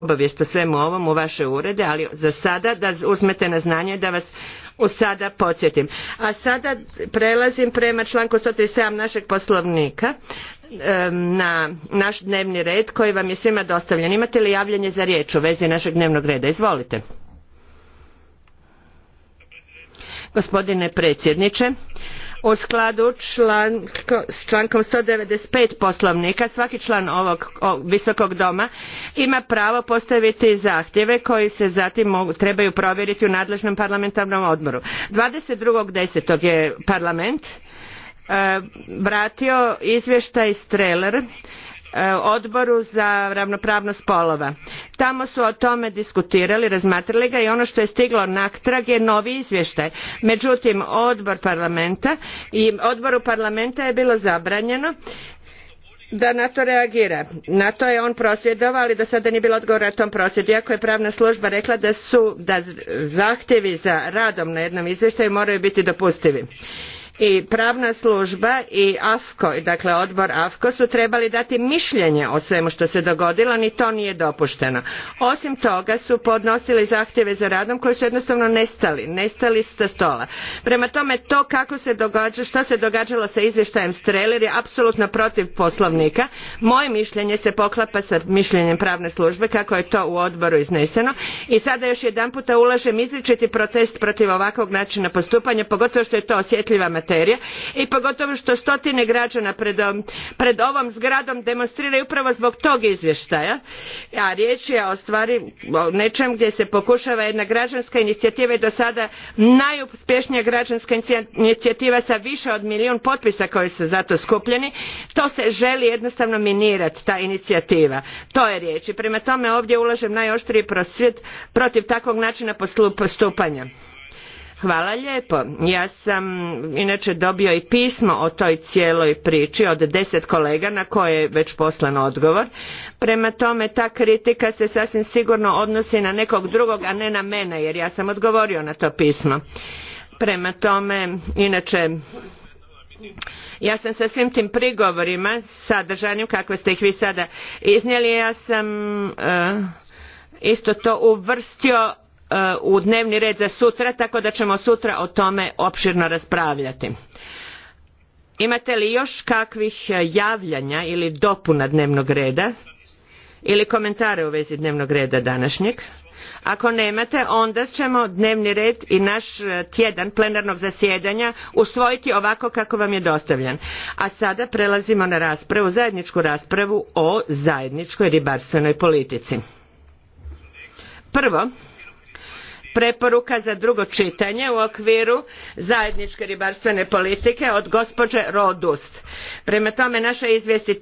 obavijest o svemu ovom u vaše urede, ali za sada da uzmete na znanje da vas u sada podsjetim. A sada prelazim prema članku 137 našeg poslovnika na naš dnevni red koji vam je svima dostavljen. Imate li javljanje za riječ u vezi našeg dnevnog reda? Izvolite. Gospodine predsjedniče, u skladu s člankom 195 poslovnika svaki član ovog visokog doma ima pravo postaviti zahtjeve koji se zatim trebaju provjeriti u nadležnom parlamentarnom odboru. 22.10. je parlament e, vratio izvještaj Streler E, odboru za ravnopravnost spolova. Tamo su o tome diskutirali, razmatrali ga i ono što je stiglo natrag je novi izvještaj. Međutim, odbor parlamenta i odboru parlamenta je bilo zabranjeno da na to reagira. Na to je on prosvjedovao, ali do sada nije bilo odgovora na tom prosvjedu. Iako je pravna služba rekla da su da zahtjevi za radom na jednom izvještaju moraju biti dopustivi i pravna služba i AFKO, dakle odbor AFKO su trebali dati mišljenje o svemu što se dogodilo, ni to nije dopušteno. Osim toga su podnosili zahtjeve za radom koji su jednostavno nestali, nestali sa stola. Prema tome to kako se događa, što se događalo sa izvještajem Streler je apsolutno protiv poslovnika. Moje mišljenje se poklapa sa mišljenjem pravne službe kako je to u odboru izneseno i sada još jedanputa ulažem izričiti protest protiv ovakvog načina postupanja, pogotovo što je to osjetljiva materija i pogotovo što stotine građana um, pred, ovom zgradom demonstriraju upravo zbog tog izvještaja a riječ je o stvari nečem gdje se pokušava jedna građanska inicijativa i do sada najuspješnija građanska inicijativa sa više od milijun potpisa koji su za to skupljeni to se želi jednostavno minirati ta inicijativa to je riječ i prema tome ovdje ulažem najoštriji prosvjed protiv takvog načina postupanja. Hvala lijepo. Ja sam inače dobio i pismo o toj cijeloj priči od deset kolega na koje je već poslan odgovor. Prema tome ta kritika se sasvim sigurno odnosi na nekog drugog, a ne na mene jer ja sam odgovorio na to pismo. Prema tome, inače ja sam sa svim tim prigovorima sadržanim kakve ste ih vi sada iznijeli ja sam e, isto to uvrstio u dnevni red za sutra tako da ćemo sutra o tome opširno raspravljati. Imate li još kakvih javljanja ili dopuna dnevnog reda ili komentare u vezi dnevnog reda današnjeg? Ako nemate, onda ćemo dnevni red i naš tjedan plenarnog zasjedanja usvojiti ovako kako vam je dostavljen. A sada prelazimo na raspravu, zajedničku raspravu o zajedničkoj ribarstvenoj politici. Prvo, preporuka za drugo čitanje u okviru zajedničke ribarstvene politike od gospođe rodust. prema tome naša izvjestitelj